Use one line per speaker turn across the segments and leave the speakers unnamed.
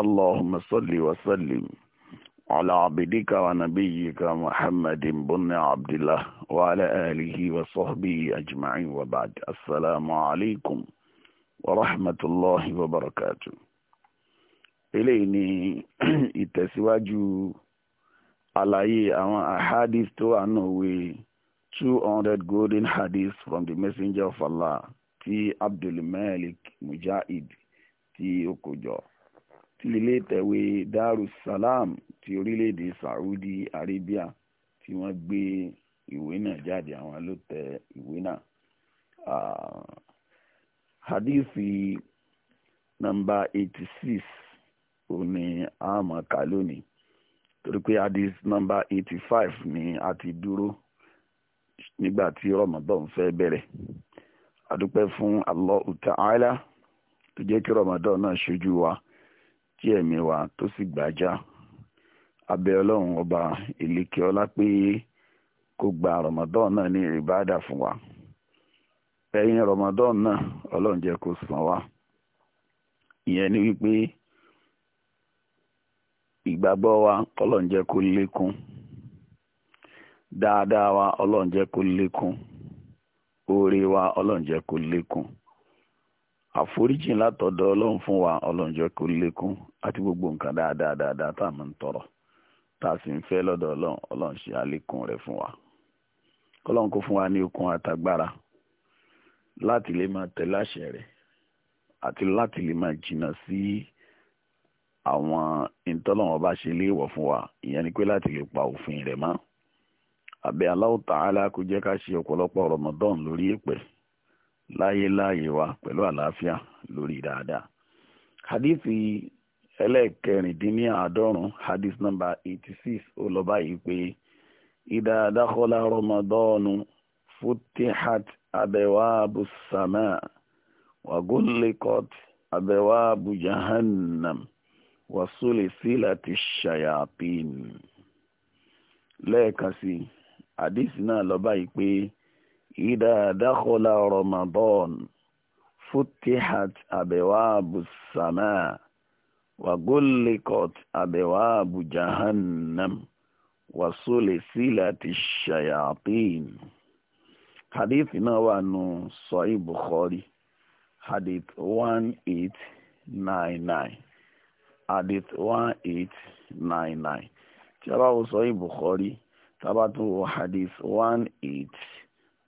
اللهم صل وسلم على عبدك ونبيك محمد بن عبد الله وعلى آله وصحبه أجمعين وبعد السلام عليكم ورحمة الله وبركاته eléyìí ni ìtẹ̀síwájú àlàyé àwọn ahadith tó wà nínú ìwé two hundred golden hadith from the messenger of Allah ti abdulmalik mujahid ti okojọ ti ilé ìtẹ̀wé darussalam ti orílẹ̀-èdè saudi arabia tí wọ́n gbé ìwé náà jáde àwọn ló tẹ ìwé náà hadithi nọ́mbà eighty six òní àmọ̀ká lónìí torí pé hadith nọ́mbà eighty five ni a ti dúró nígbà tí ramadan fẹ́ bẹ̀rẹ̀ adúpẹ́ fún Allahu ta'ala tó jẹ́ kí ramadan náà ṣojú wa. tí ẹ̀mí wa tó sì gbájá abẹ́ ọlọ́run ọba ìlékè ọlá pé kó gba ramadan náà ní ìbáàdà fún wa ẹ̀yìn ramadan náà ọlọ́run jẹ́ kó san wa ìyẹn ni wípé ìgbàgbọ́ wa ọlọ́run jẹ́ kó lékún dáadáa wa ọlọ́run jẹ́ kó lékún oore wa ọlọ́run jẹ́ kó lékún àforíjì látọ̀dọ̀ ọlọ́run fún wa ọlọ́run jẹ́ kó lékún àti gbogbo nǹkan dáadáa dáadáa tá à ń tọrọ tá a sì ń fẹ́ lọ́dọ̀ ọlọ́run ọlọ́run ṣe àlékún rẹ̀ fún wa ọlọ́run kó fún wa ní okun àtagbára láti lè máa tẹ̀lé àṣẹ rẹ̀ àti láti lè máa jìnnà sí àwọn ìtọ́lọ́wọ́n bá ṣe léèwọ̀ fún wa ìyẹn ni pé láti lè pa òfin rẹ̀ mọ́ àbẹ̀ Allahu Ta'ala kó jẹ́ ká ṣe ọ̀pọ̀lọpọ̀ Ramadan lórí èpẹ̀ láyé láàyè wa pẹ̀lú àlàáfíà lórí dáadáa. hadithi ẹlẹ́ẹ̀kẹrìndínláàádọ́rùn-ún hadith number eighty six ó lọ báyìí pé idha dakhala ramadanu futihat abwabu sama wa gulliqat abwabu jahannam wa sulisilati shayatin lẹ́ẹ̀kan sí hadith náà lọ báyìí pé ìdá dákọ̀lá ramadan futihat abẹ́wàbù sàmà wàgólẹ́kọ̀t abẹ́wàbù jahannam wàsólẹ́sílàtì shayatin. hadith náà wà nù sọ́yì bukhari hadith one eight nine nine hadith one eight nine nine tí a bá wò sọ́yì bukhari tí a bá tún wò hadith one eight.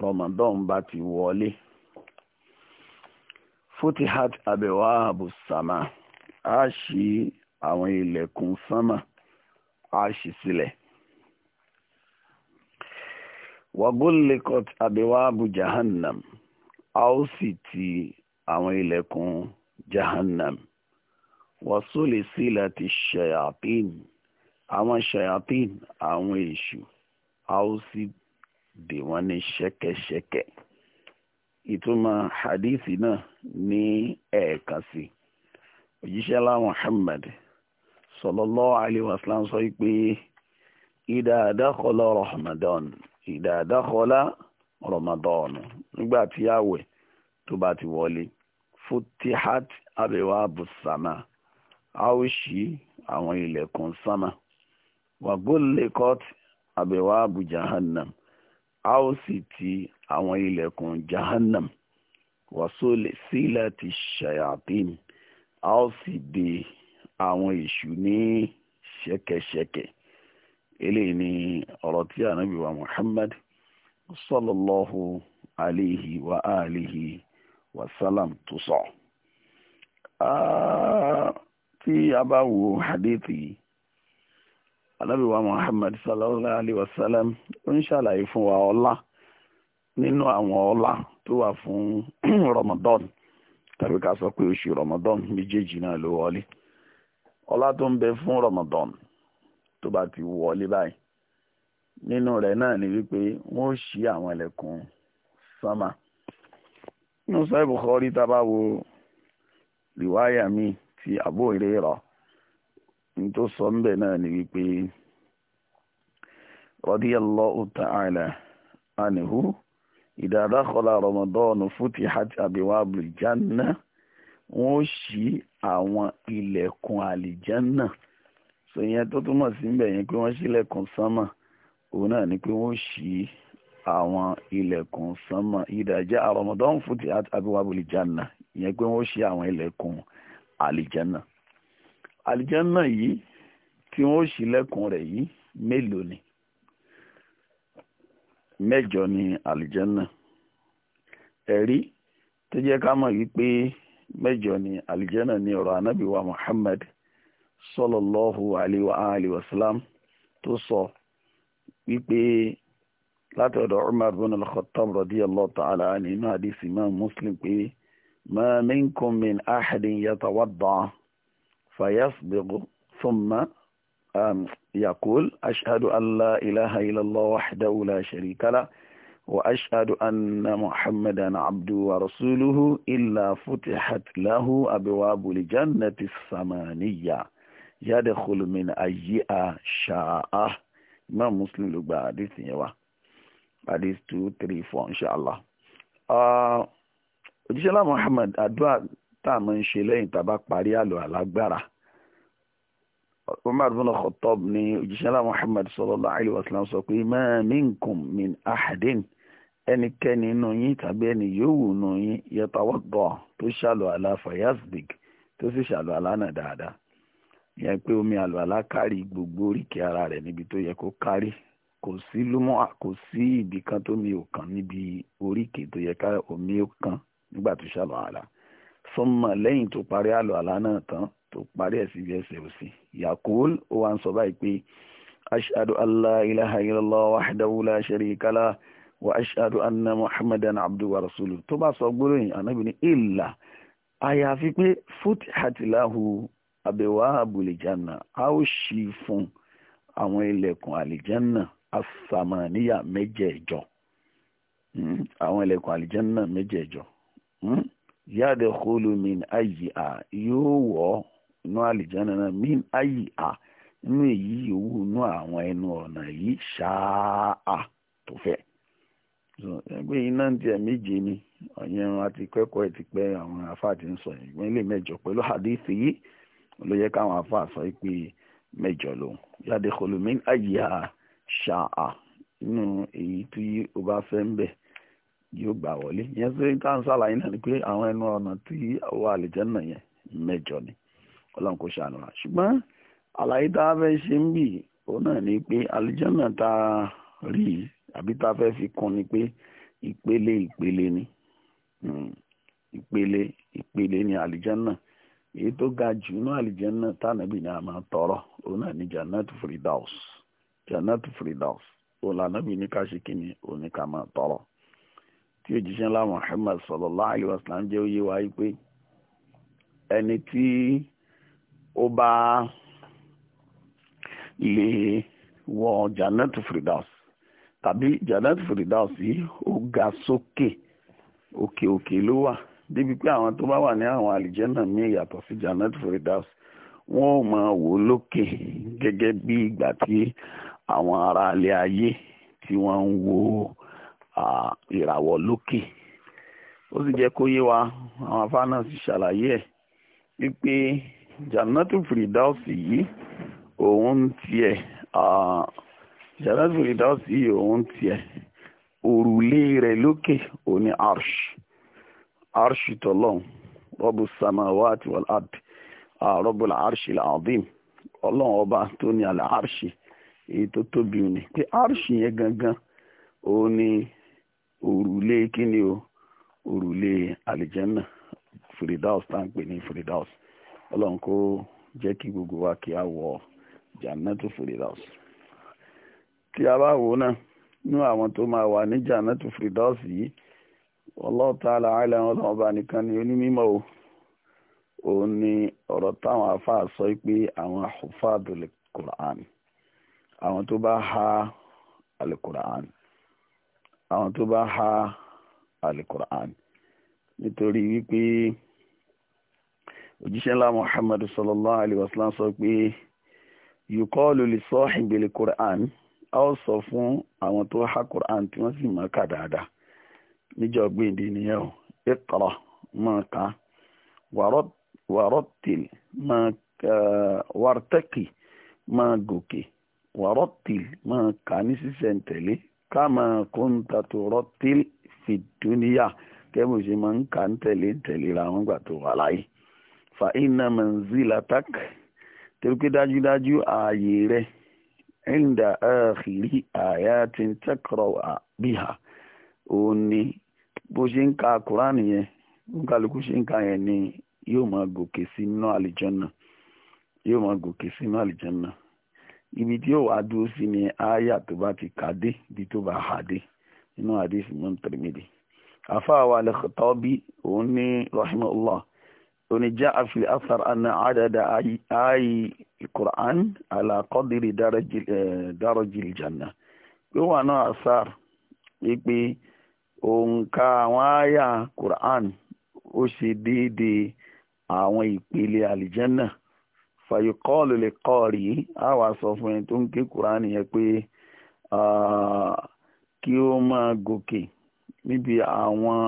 Ramadan bá ti wọlé futihat abẹ́wà abùsàmà á ṣí àwọn ilẹ̀kùn sánmà á ṣí sílẹ̀ wàgúnlẹ̀kọ̀t abẹ́wà abu jahannam a ó sì ti àwọn ilẹ̀kùn jahannam wàsólè sílẹ̀ ti ṣayatin àwọn ṣayatin àwọn èṣù a ó sì dè wọ́n ní ṣẹ́kẹ́ṣẹkẹ̀ ìtumọ̀ hadithi náà ní ẹ̀ẹ̀kan sí òjíṣẹ́ lá Muhammad sallallahu alaihi wasallam sọ pé idha dakhala Ramadan idha dakhala Ramadan nígbà tí àwẹ̀ tó bá ti wọlé futihat abwabu sama a ó ṣí àwọn ilẹ̀kùn sama wàgbólékọ́t abwabu jahannam a ó sì ti àwọn ilẹ̀kùn jahannam wàsólè sílẹ̀ ti ṣayatin a ó sì de àwọn èṣù ní ṣẹ̀kẹ̀ṣẹ̀kẹ̀ eléyìí ni ọ̀rọ̀ tí ànábì wa Muhammad sallallahu alayhi wa alihi wa salam tó sọ. Ah, tí a bá wo hadithi yìí anábìwá muhammad sallallahu alayhi wa sallam ó ń ṣàlàyé fún wa ọlá nínú àwọn ọlá tó wà fún ramadan tàbí ká sọ pé oṣù ramadan méjèèjì náà ló wọlé ọlá tó ń bẹ fún ramadan tó bá ti wọlé báyìí nínú rẹ̀ náà ni wípé wọn ó ṣí àwọn ẹlẹ́kùn sánmà nínú sọ ìbùkọ́ rí tábà wo rìwáyà mi ti àbó ìrẹ́rọ̀ ní tó sọ ń bẹ̀ náà ni wípé radiyallahu ta'ala anhu idha dakhala Ramadan futihat abwabul janna wọ́n ṣí àwọn ilẹ̀kùn àlìjánà so ìyẹn tó túmọ̀ sí ń bẹ̀ yẹn pé wọ́n ṣílẹ̀kùn sánmà òun náà ni pé wọ́n ṣí àwọn ilẹ̀kùn sánmà ìdàjẹ́ Ramadan futihat abwabul janna ìyẹn pé wọ́n ṣí àwọn ilẹ̀kùn àlìjánà àlìjánná yìí tí wọ́n ṣílẹ̀kùn rẹ̀ yìí mélòó ni mẹ́jọ ni àlìjánná ẹ̀rí tó jẹ́ ká mọ̀ wípé mẹ́jọ ni àlìjánná ni ọ̀rọ̀ anábì wa Muhammad sallallahu alayhi wa alihi wa sallam tó sọ wípé láti ọ̀dọ̀ Umar bin al-Khattab radiyallahu ta'ala nínú hadisi Imam Muslim pé ma minkum min ahadin yatawadda' fayasbiqu thumma yaqul ashhadu an la ilaha illallah wahdahu la sharika lah wa ashhadu anna muhammadan abduhu wa rasuluhu illa futihat lahu abwabul jannati samaniya yadkhulu min ayyiha sha'a imam muslim ló gba àdìsí yẹn wá àdìsí two three four inshallah òjíṣẹ́lá muhammad àdúrà tá a máa ń ṣe lẹ́yìn tá a bá parí àlọ́ alágbára umar bin khattab ni òjíṣẹ́lá muhammad sallallahu alayhi wa sallam sọ pé ma minkum min ahadin ẹnikẹ́ni inú yín tàbí ẹni yòówù inú yín yatawadda tó ṣàlọ́ àlá fayasbik tó sì ṣàlọ́ àlá náà dáadáa yẹn pé omi àlọ́ àlá kárí gbogbo oríkèé ara rẹ̀ níbi tó yẹ kó kárí kò sí lúmọ́ kò sí ibì kan ò kàn níbi oríkèé tó yẹ ká omi ó kàn nígbà tó ṣàlọ́ àlá sọmọ lẹ́yìn tó parí àlọ́ àlá náà tán tó parí ẹ̀ síbi ẹsẹ̀ òsì yakul ó wá ń sọ báyìí pé ashadu allah ilaha illallah wahdahu la sharika la wa ashadu anna muhammadan abdu wa rasulu tó bá sọ gbólóyìn ànábì ní ìlà àyàfi pé futihat lahu abwabu aljanna a ó ṣí fún àwọn ilẹ̀kùn àlìjánà asamaniya mẹ́jẹ̀ẹ̀jọ hmm? àwọn ilẹ̀kùn àlìjánà mẹ́jẹ̀ẹ̀jọ. Hmm? yáde kúlù min ayi a yóò wọ̀ inú àlìjáná náà min ayi a inú èyí yòówù inú àwọn ẹnu ọ̀nà yìí ṣáá tó fẹ́ ẹgbẹ́ iná ń tiẹ̀ méje ni ọ̀yẹ́run àti kẹ́kọ̀ọ́ ẹ̀ ti pẹ́ àwọn afáà ti ń sọ ìgbọ́n ilé mẹ́jọ pẹ̀lú àdéhìí yìí ló káwọn afáà sọ pé mẹ́jọ lòun yáde kúlù min ayi a ṣáá inú èyí tí ó bá fẹ́ ń bẹ̀ yóò gbà wọlé ìyẹn sí káńsálà yìí náà pé àwọn ẹnu ọ̀nà tí wà yẹn mẹ́jọ ni ọlọ́run kò ṣàánú wa ṣùgbọ́n àlàyé tá a fẹ́ ṣe ń bì ó náà ni pé tá a rí àbí tá a fẹ́ fi kún ni pé ìpele ìpele ni hmm. ìpele ìpele ni èyí tó ga jù nínú àlìjẹ́nà tánàbì ni a máa tọrọ náà ni ní ká ṣe kí ni tọrọ. tí òjíṣẹ́ ńlá Muhammad sallallahu alaihi wasallam jẹ́ oyé wa pé ẹni tí ó bá lè wọ Jannat Firdaus tàbí Jannat Firdaus yìí ó ga sókè òkè òkè ló wà débi pé àwọn tó bá wà ní àwọn àlìjẹ́nà míì yàtọ̀ sí Jannat Firdaus wọ́n ò máa wò lókè gẹ́gẹ́ bí ìgbà tí àwọn ará ilé ayé tí wọ́n ń wo ìràwọ̀ lókè ó sì jẹ́ kó yé wa àwọn afá náà sì ṣàlàyé ẹ̀ wípé Jannatu Firdausi yìí òun tiẹ̀ Jannatu Firdausi yìí òun tiẹ̀ òrùlé rẹ̀ lókè òní arsh arsh tọ́lọ́n rọ́bù samawati wal ard rọ́bù arsh al ọlọ́run ọba tó ní àlà arsh èyí tó tóbi ni pé arsh yẹn gangan òun ni orule kini o orule àlìjẹ́nà firidaus tá à ń pè ní firidaus ọlọ́run kó jẹ́ kí gbogbo wa ki a wọ jannatu firidaus tí a bá wò náà nú àwọn tó máa wà ní jannatu firidaus yìí Allahu ta'ala àìlẹ́wọ̀n ọlọ́run ọba nìkan ni onímọ̀ o òun ni ọ̀rọ̀ táwọn afáà sọ pé àwọn hufadul Qur'an àwọn to ba ha al àwọn tó bá ha alukur'an nítorí wípé òjíṣẹ́ ńlá muhammadu sallallahu alayhi wa sallam sọ pé yukọ́ọ̀lù lè sọ ìgbèlè kur'an a ó sọ fún àwọn tó ha kur'an tí wọ́n sì mọ̀ ká dáadáa níjọ́ gbèdé nìyẹn o iqra máa ka wàrọ́tìl máa wàrtẹ́kì máa gòkè wàrọ́tìl máa ka ní sísẹ̀ntẹ̀lé kama kunta turattil fi dunya kẹ́bù ṣe máa ń kà ń tẹ̀lé tẹ̀léra wọn gbà tó wà láyé fa inna manzilatak torí pé dájúdájú ààyè rẹ inda akhiri ayatin taqra biha òun ni bó ṣe ń ka Quran yẹn nkálukú ṣe ń ka yẹn ni yóò máa gòkè sí inú àlìjọ́nà yóò máa gòkè sí inú àlìjọ́nà ibi tí yóò wá dúró sí ni aya tó bá ti kà dé ibi tó bá hà dé nínú hadith Imam Tirmidhi afáwa al-Khattabi òun ní rahimahullah òní jaa fil athar anna adada ayi Qur'an ala qadri darajil eh, janna pé wà náà asar wípé òǹkà àwọn aya Qur'an ó ṣe déédéé àwọn ìpele àlìjánná fàyíkọ́ọ̀lù lè kọ́ rí a wà sọ fún ẹni tó ń ké kúránì yẹn pé kí ó máa gòkè níbi àwọn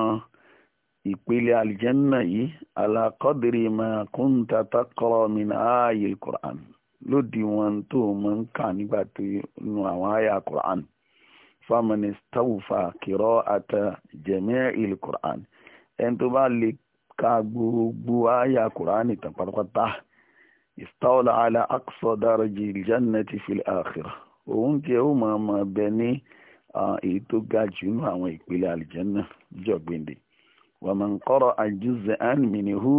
ìpele àlìjẹ́nà yìí alákọ́dìrì máa kún tata kọ́rọ̀ mi ní ààyè kúránì lódì wọn tó máa ń kà nígbà tó nu àwọn àyà kúránì fámánì stáwùfà kìrọ́ àtà jẹ̀mẹ́ ìlú kúránì ẹni tó bá lè ka gbogbo àyà kúránì tán pátápátá istawla ala aqsa daraji aljannati fil akhirah òun jẹ́ ó máa máa bẹ ní èyí tó ga jù nínú àwọn ìpele àlìjẹ́nà jọ̀gbìndì wa man qara'a juz'an minhu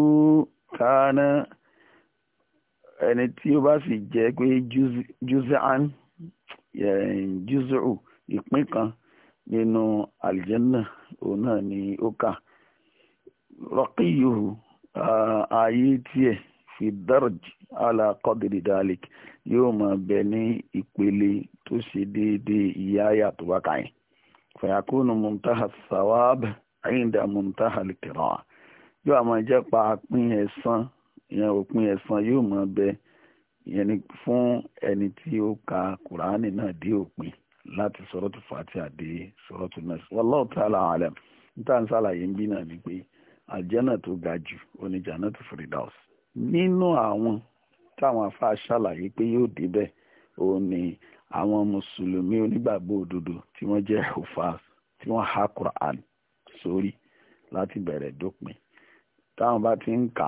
kana ẹni tí ó bá sì jẹ́ pé juz'an juz'u ìpín kan nínú àlìjẹ́nà òun náà ni ó kà raqiyuhu ààyè tiẹ̀ fi ala qadri dalik yóò máa bẹ ní ìpele tó ṣe déédéé ìyáyà tó bá fayakunu muntaha sawab inda muntaha al yóò máa jẹ́ pa pín ẹ̀san ìyẹn òpin ẹ̀san yóò bẹ ìyẹn ni fún ẹni tí ó ka kùránì náà dé òpin láti suratu Fatiha dé suratu Nas wallahu ta'ala alam níta ń sàlàyé ń bí náà ni pé tó ga jù nínú àwọn táwọn afá ṣàlàyé pé yóò débẹ̀ òun ni àwọn mùsùlùmí onígbàgbọ́ òdodo tí wọ́n jẹ́ hufas tí wọ́n ha quran sórí láti bẹ̀rẹ̀ dópin táwọn bá ti ń kà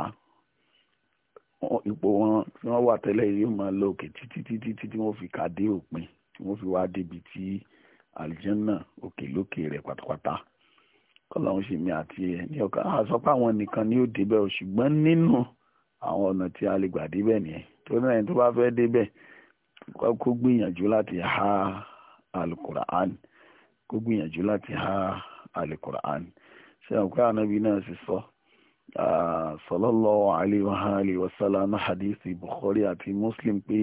á ipò wọn tí wọ́n wà tẹ́lẹ̀ yóò máa lọ òkè títí títí tí wọ́n fi kà dé òpin tí wọ́n fi wá débi tí àlìjẹ́nà òkè lókè rẹ̀ pátápátá kọ́lọ́hún ṣèmi àti ẹ̀ ní ọ̀kan àsọpá àwọn nìkan ni ó débẹ̀ ṣùgbọ́n nínú àwọn ọ̀nà tí a lè gbà débẹ̀ nìyẹn tó náà ẹni tó bá fẹ́ débẹ̀ kó gbìyànjú láti ha alukura'an kó gbìyànjú láti ha alukura'an ṣe àwọn pé ànábì náà sì sọ sallallahu alayhi wa alihi wa sallam hadithi bukhari àti muslim pé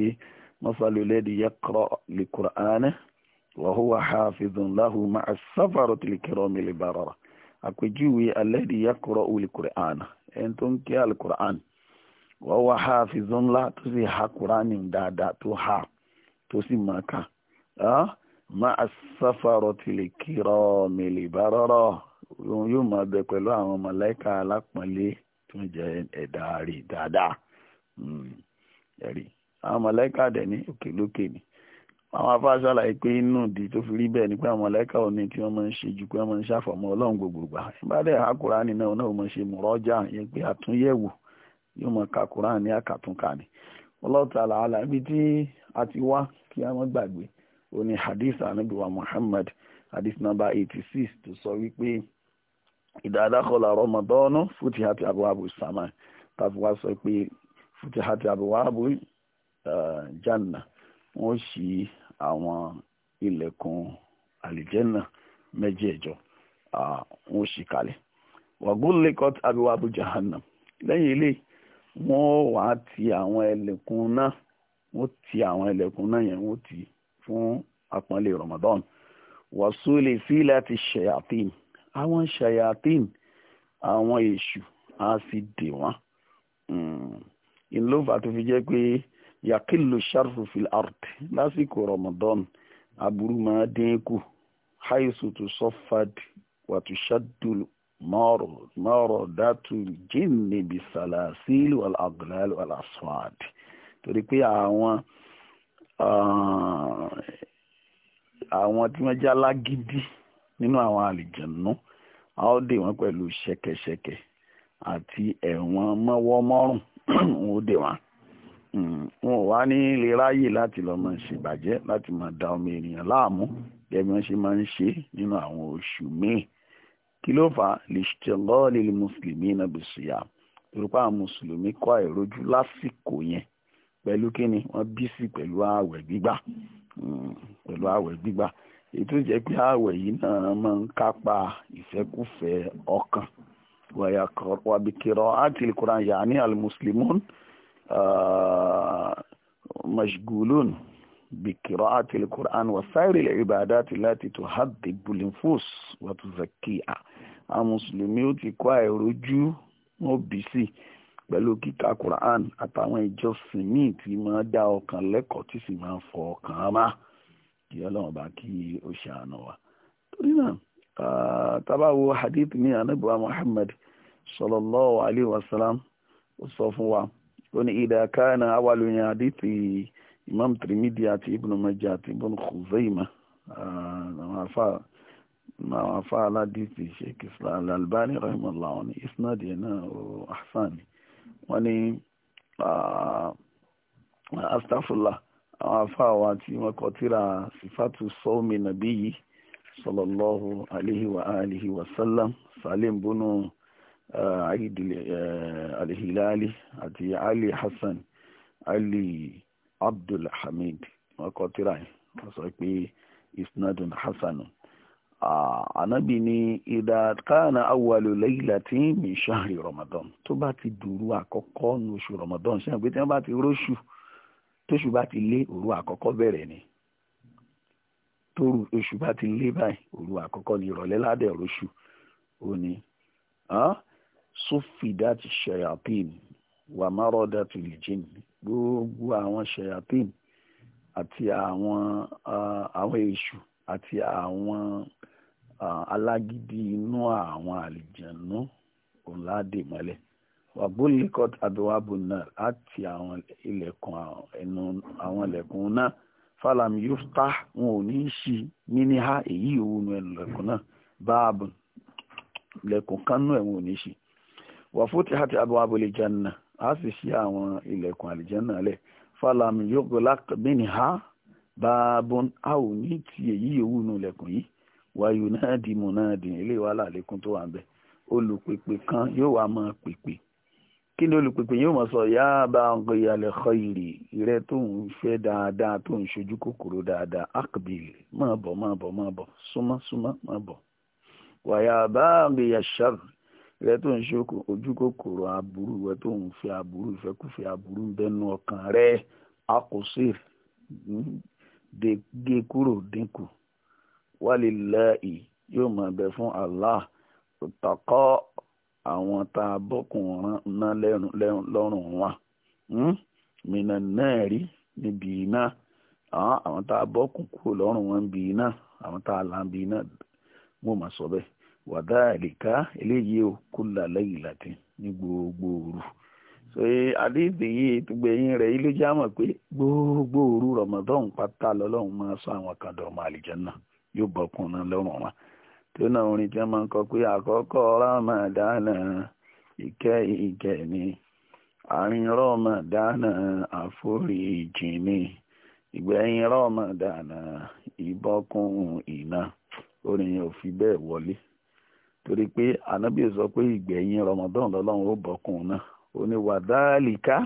masalu lẹ́dí yaqra likura'an wa huwa hafizun lahu ma'a safarati likirami libarara àpèjúwe alẹ́dí yaqra likura'an ẹni tó ń ké alukura'an. wọ́n wá hafizun ńlá tó sì ha kúránì dáadáa tó ha tó sì máa kà má a sáfàrọ̀ tilẹ̀ kírọ̀ mẹ́lẹ̀bárọ̀rọ̀ yóò máa bẹ pẹ̀lú àwọn mọ̀lẹ́kà alápọ̀nlé tó ń jẹ ẹ̀dá rè dáadáa hmm. ẹ̀rí àwọn mọ̀lẹ́kà dẹ̀ ní òkèlókè ni àwọn afáàṣà láì pé inú ìdí tó fi rí bẹ́ẹ̀ ni pé àwọn mọ̀lẹ́kà tí wọ́n máa ń ṣe pé wọ́n máa ń ṣàfọ̀mọ́ ọlọ́run yóò mọ̀ ka Quran ní àkàtúnkà ni Wallahu ta'ala àlà ibi tí a ti wá kí a má gbàgbé ó ní hadith Ànábì Muhammad hadith number eighty six tó sọ wípé idha dakhala Ramadanu futihat abwabu sama tàbí wá sọ pé futihat abwabu janna wọ́n ṣí àwọn ilẹ̀kùn àlìjẹ́nà mẹ́jẹ̀ẹ̀jọ wọ́n ṣí kalẹ̀ wàgúnlẹ̀kọ́t abwabu jahannam lẹ́yìn eléyìí wọ́n wàá ti àwọn ẹlẹ́kùn náà wọ́n ti àwọn ẹlẹ́kùn náà yẹn wọ́n ti fún àpọ́nlé Ramadan wàsúlè sílẹ̀ ti ṣayatin àwọn ṣayatin àwọn èṣù á sì dè wọ́n hmm. ìlófà tó fi jẹ́ pé yakilu sharru fil lásìkò Ramadan aburú máa dín kù haisu tu sọfad wàtú shadul mọ́rọ̀ mọ́rọ̀ dátù jíìnì bí sàlàsíl wàlàgùlàl wàlàswad torí pé àwọn ah, àwọn tí wọ́n jẹ́ alágídí nínú àwọn àlìjànú a ó dè wọ́n pẹ̀lú ṣẹ̀kẹ̀ṣẹ̀kẹ̀ àti ẹ̀wọ̀n mọ́wọ́ mọ́rùn ún ó dè wọ́n hmm, wọn ò wá ní lè ráyè láti lọ máa ṣèbàjẹ́ láti máa da ọmọ ènìyàn láàmú gẹ́gẹ́ bí wọ́n ṣe máa ń ṣe nínú àwọn oṣù míì kí ló fà á lìṣẹlọ́ọ̀lì mùsùlùmí náà bí ṣùyà yorùbá mùsùlùmí kọ́ àìrójú lásìkò yẹn pẹ̀lú kíni wọ́n bí sí pẹ̀lú ààwẹ̀ gbígbà hmm, pẹ̀lú ààwẹ̀ gbígbà èyí tó jẹ́ pé ààwẹ̀ yìí náà máa ń kápá ìfẹ́kùfẹ́ ọkàn wàbíkìrọ̀ àti ìkùrán yà ní alimuslimun ah, mashgulun bìkìrọ̀ àti ìkùrán wàsáìrì ìbàdàtì láti tó hàdìbùlìfòs wàtúzàkìá àwọn mùsùlùmí ó ti kó àìrójú wọn bí sí pẹ̀lú kíka quran àtàwọn ìjọsìn míì tí máa dá ọkàn lẹ́kọ̀ọ́ tí sì máa fọ ọkàn á má kí ọlọ́run bá kí ó ṣàánú wa. torí náà tábà wo hadith ní anábìwá muhammad sallallahu alayhi wa sallam ó sọ fún wa ó ní idha kana awalu hadith imam tirimidi àti ibn majah àti ibn khuzaima àwọn afáà àwọn afá aládìsí sheikh islam alalbani rahimahullah wọn ni isnad yẹn náà o hasan wọn ni astafula àwọn afá wa tí wọn kọ tíra sifatu sawmi nabiyyi sallallahu alaihi wa alihi wa sallam salim bunu alihilali àti ali hasan ali abdulhamid wọn kọ tíra yẹn wọn sọ pé isnadun hasanun. Ah, ànábì ní ìdá káàna awàlò lẹ́yìnlá tí mi ṣáàrì ramadan tó bá ti dùrú àkọ́kọ́ nu oṣù ramadan ṣáà pé tí wọ́n bá ti róṣù tóṣù bá ti lé òru àkọ́kọ́ bẹ̀rẹ̀ ni tóru oṣù bá ti lé báyìí òru àkọ́kọ́ ni ìrọ̀lẹ́ ládẹ̀ róṣù ó ní sófìdá ti ṣẹ̀yàpín wà márọ̀dá gbogbo àwọn ṣẹ̀yàpín àti àwọn ah, àwọn èṣù àti àwọn Ah, alágídí inú àwọn àlìjẹ̀nú ọ̀làdèmọ́lẹ̀ wàbúlíkọ́t abiwabu náà láti àwọn ilẹ̀kùn ẹnu àwọn ilẹ̀kùn náà falam yufta wọn ò ní í ṣí níní ha èyí ìwú nu ẹnu ilẹ̀kùn náà báàbù ilẹ̀kùn kánú ẹ̀ wọn ò ní í ṣí wàfúti hati lè jẹun náà a sì si àwọn ilẹ̀kùn àlìjẹ̀nú lẹ̀ falami yughlaq minha báàbù a ò ní ti èyí eyi nu ilẹ̀kùn yìí wáyú náà di mú náà dì ilé wa làlékún tó wà ń bẹ olùpèpè kan yóò wá máa pèpè kí ni olùpèpè yóò máa sọ yá bá ọgbẹ ìyàlẹ xọ ìrì rẹ tó ń fẹ́ dáadáa tó ń ṣojú kòkòrò dáadáa akbil máa bọ̀ máa bọ̀ máa bọ̀ súnmọ́ súnmọ́ máa bọ̀ wàyà bá ọgbẹ ìyàṣàr rẹ tó ń ṣe ojú kòkòrò aburú rẹ tó ń fẹ́ aburú ìfẹ́kùfẹ́ aburú ń bẹnu ọkàn rẹ akosir dege kúrò dínkù walillahi yóò máa bẹ fún Allah òtàkọ́ àwọn tá a bọ́kùn ná lọ́rùn wa mìíràn náà rí níbi iná àwọn tá a kúrò lọ́rùn wọn bí iná àwọn tá a là ń bí iná sọ bẹ́ẹ̀ wàdà àlìká eléyìí ò láti ní gbogbo òru yìí gbẹ̀yìn rẹ̀ ilé pé gbogbo òru pátá lọ́lọ́run máa sọ yóò bọ́ kùnrin lọ́rùn tó náà orin tí wọ́n máa ń kọ pé àkọ́kọ́ rámàdánà ìkẹ́ ìkẹ́ ni àárín rámàdánà àforíjì ni ìgbẹ̀yìn rámàdánà ìbọ́kùn ìná orin yẹn ò fi bẹ́ẹ̀ wọlé torí pé ànábì sọ pé ìgbẹ̀yìn ramadan lọ́lọ́run ó bọ́kùn náà ó ní wàdálìká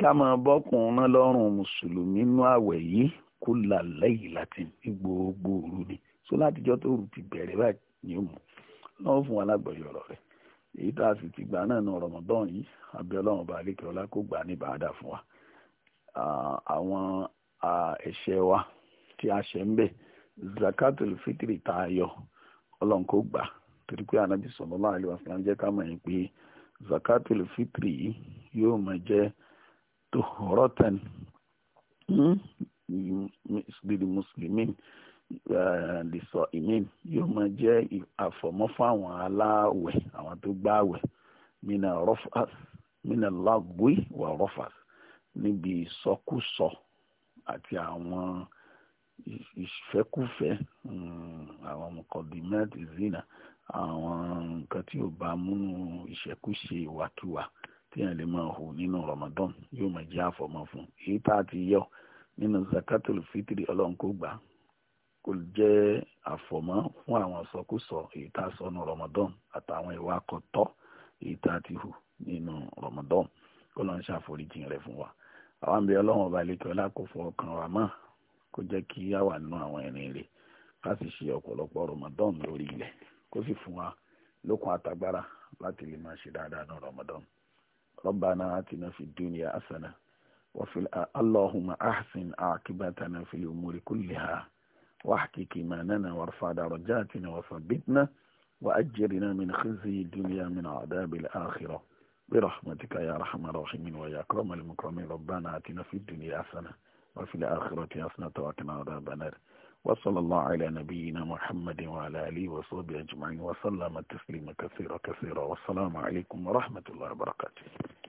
ká máa bọ́kùn náà lọ́rùn mùsùlùmí nínú àwẹ̀ yìí kó là lẹ́yìn láti ní gbogbo òru ni so láti jọ́ tó rù ti bẹ̀rẹ̀ báyìí ni ó mú lọ́wọ́ fún wa lágbọ̀yọ̀ ọ̀rọ̀ rẹ̀ èyí tá a sì ti gbà náà nu Ramadan yìí abẹ́ọ́lọ́run bá alékẹ́ ọlá kó gbà ní bàádà fún wa àwọn ẹ̀ṣẹ̀ wa tí a ṣẹ̀ ń bẹ̀ zakatul fitri tá a yọ ọlọ́run kó gbà torí pé anabi sallallahu alaihi wasallam jẹ́ ká mọ̀ yín pé zakatul fitri yìí yóò máa jẹ́ tohorotan hmm, lílì mùsùlùmí lè sọ ìmín yóò máa jẹ́ àfọ̀mọ́ fún àwọn aláwẹ̀ àwọn tó gbààwẹ̀ mina rọfas mina lagwe wa rọfas níbi ìsọkúsọ àti àwọn ìfẹ́kúfẹ́ hmm, àwọn mọ̀kọ́dìmẹ́tì zina àwọn nǹkan tí ó bá múnú ìṣẹ́kúṣe ìwàkiwà tí èèyàn lè máa hù nínú Ramadan yóò máa jẹ́ àfọ̀mọ́ fún èyí tá a ti yọ nínú zakatul fitri ọlọ́run kò gbà kò jẹ́ àfọ̀mọ́ fún àwọn sọkúsọ èyí tá a sọ nínú ramadan àtàwọn ìwà akọ̀tọ́ èyí tá a ti hù nínú ramadan kó lọ́n ṣàforíjì rẹ̀ fún wa àwọn àmì ọlọ́run ọba ìlẹ́kẹ ọlá kò fọ ọkàn wa mọ́ kó jẹ́ kí á wà nínú àwọn ẹ̀rìn rẹ̀ ká sì ṣe ọ̀pọ̀lọpọ̀ ramadan lórí ilẹ̀ kó sì fún wa lókun àtagbára láti lè máa ṣe dáadáa nínú ramadan rabbana atina fid dunya hasana. وفي اللهم أحسن عاقبتنا في الأمور كلها واحكي كماننا وارفع درجاتنا وثبتنا وأجرنا من خزي الدنيا من عذاب الآخرة برحمتك يا أرحم الراحمين ويا أكرم المكرمين ربنا آتنا في الدنيا حسنة وفي الآخرة حسنة وقنا عذاب النار وصلى الله على نبينا محمد وعلى آله وصحبه أجمعين وسلم تسليما كثيرا كثيرا والسلام عليكم ورحمة الله وبركاته